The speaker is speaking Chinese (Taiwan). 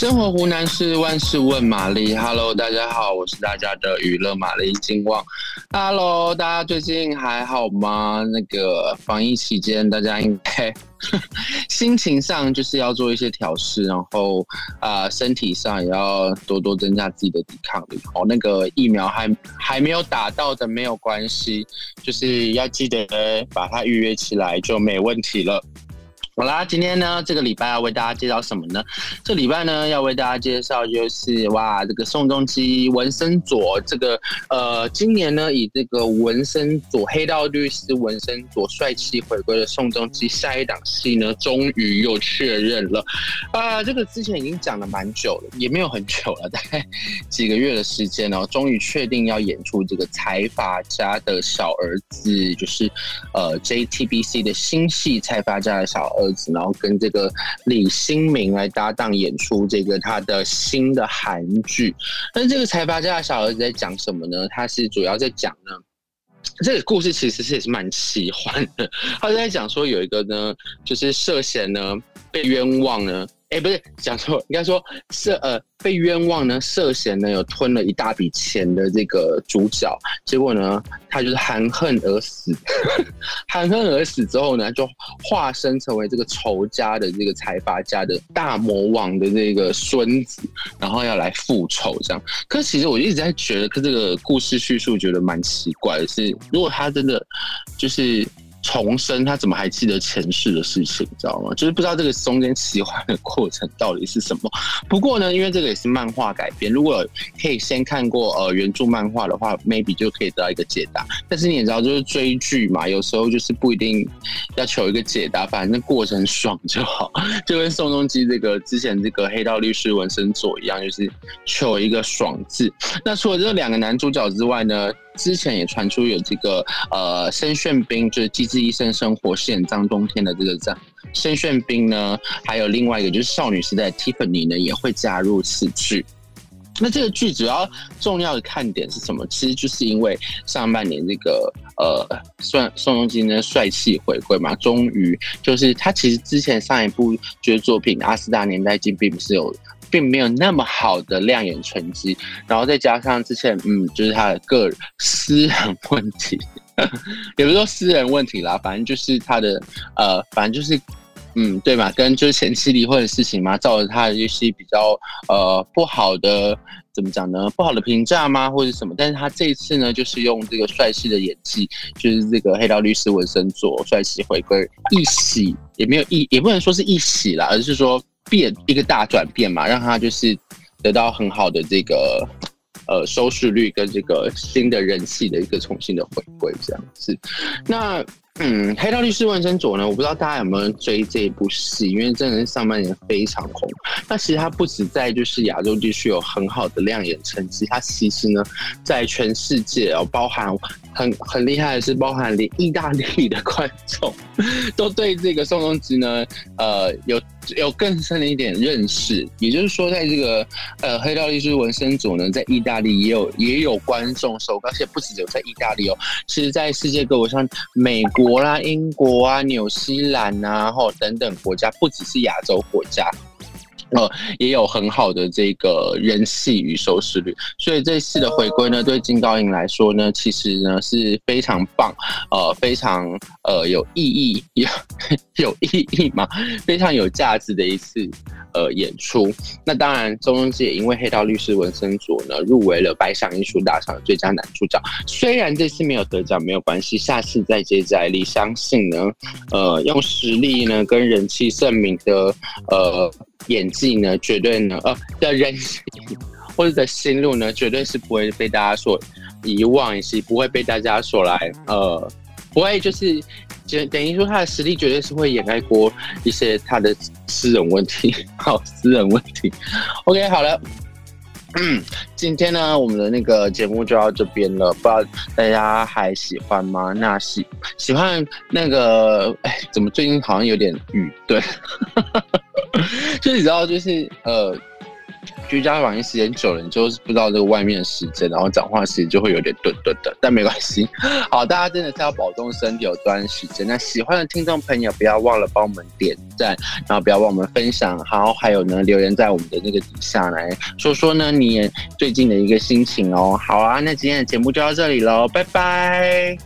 生活湖南事，萬事問瑪麗。Hello，大家好，我是大家的娛樂瑪麗金旺。Hello，大家最近還好嗎？那個防疫期間，大家應該心情上就是要做一些調試，然後啊、呃，身體上也要多多增加自己的抵抗力。哦、喔，那個疫苗還還沒有打到的沒有關係，就是要記得把它預約起來，就沒問題了。好啦，今天呢，這個禮拜要為大家介紹什麼呢？這禮拜呢，要為大家介紹就是哇，這個宋仲基、文森佐這個呃，今年呢，以這個文森佐黑道律師、文森佐帥氣回歸的宋仲基，下一檔戲呢，終於又確認了啊！這個之前已經講了蠻久了，也沒有很久了，大概幾個月的時間哦，終於確定要演出這個財閥家的小兒子，就是呃 JTBC 的新戲《財閥家的小兒子》。然後跟這個李星民來搭檔演出這個他的新的韓劇，但這個財閥家的小兒子在講什麼呢？他是主要在講呢，這個故事其實是也是蠻奇幻的，他在講說有一個呢，就是涉嫌呢被冤枉呢。哎，欸、不是，講錯，應該說涉呃、被冤枉呢，涉嫌呢有吞了一大筆錢的這個主角，結果呢他就是含恨而死，含恨而死之後呢，就化身成為這個仇家的這個財閥家的大魔王的這個孫子，然後要來復仇這樣。可是其實我一直在覺得，可這個故事敘述覺得蠻奇怪的是，如果他真的就是。重生，他怎麼還記得前世的事情？你知道嗎？就是不知道這個中間奇幻的過程到底是什麼。不過呢，因為這個也是漫畫改編，如果可以先看過呃原著漫畫的話，maybe 就可以得到一個解答。但是你也知道，就是追劇嘛，有時候就是不一定要求一個解答，反正過程爽就好。就跟宋仲基這個之前這個黑道律師文森佐一樣，就是求一個爽字。那除了這兩個男主角之外呢？之前也傳出有這個呃申炫斌，就是《機智醫生生活》飾演張冬天的這個張申炫斌呢，還有另外一個就是少女時代 Tiffany 呢，也會加入此劇。那這個劇主要重要的看點是什麼？其實就是因為上半年這個呃宋宋仲基呢帥氣回歸嘛，終於就是他其實之前上一部就是作品《阿斯達年代記》並不是有。並沒有那麼好的亮眼成績，然後再加上之前，嗯，就是他的個人私人問題呵呵，也不是說私人問題啦，反正就是他的呃，反正就是嗯，對嘛，跟就是前妻離婚的事情嘛，造成他一些比較呃不好的怎麼講呢？不好的評價嗎？或者什麼。但是他這一次呢，就是用這個帥氣的演技，就是這個《黑道律師》文森佐帥氣回歸，一喜也沒有一，也不能說是一喜啦，而是說。變一個大轉變嘛，讓他就是得到很好的這個呃收視率跟這個新的人氣的一個重新的回歸這樣子。那嗯，《黑道律師萬紳左》呢，我不知道大家有沒有追這一部戲？因為真的是上半年非常紅。那其實它不止在就是亞洲地區有很好的亮眼成績，它其實呢在全世界哦，包含很很厲害的是，包含連意大利的觀眾都對這個宋仲基呢，呃，有有更深的一點認識。也就是說，在這個呃《黑道律師》文森佐呢，在意大利也有也有觀眾收看，而且不止有在意大利哦，其實在世界各國，像美國啦、啊、英國啊、紐西蘭啊、哦，或等等國家，不只是亞洲國家。呃，也有很好的這個人氣與收視率，所以這一次的回歸呢，對金高銀來說呢，其實呢是非常棒，呃，非常呃有意義有有意義嘛，非常有價值的一次。呃，演出那當然，宋仲基也因為《黑道律師》文森佐呢，入圍了百想藝術大賞的最佳男主角。雖然這次沒有得獎，沒有關係，下次再接再厲，相信呢，呃，用實力呢跟人氣盛名的呃演技呢，絕對呢呃的人氣或者的心路呢，絕對是不會被大家所遺忘，也是不會被大家所來呃。不會，就是就等於說，他的實力絕對是會掩蓋過一些他的私人問題，好，私人問題。OK，好了，嗯，今天呢，我們的那個節目就到這邊了，不知道大家還喜歡嗎？那喜喜歡那個，哎、欸，怎麼最近好像有點語鈍？對 就你知道，就是呃。居家防疫時間久了，你就是不知道這個外面的時間，然後講話時間就會有點頓頓的，但沒關係。好，大家真的是要保重身體，有多意時間。那喜歡的聽眾朋友，不要忘了幫我們點贊，然後不要忘了我們分享。好，還有呢，留言在我們的那個底下來說說呢，你最近的一個心情哦。好啊，那今天的節目就到這裡嘍，拜拜。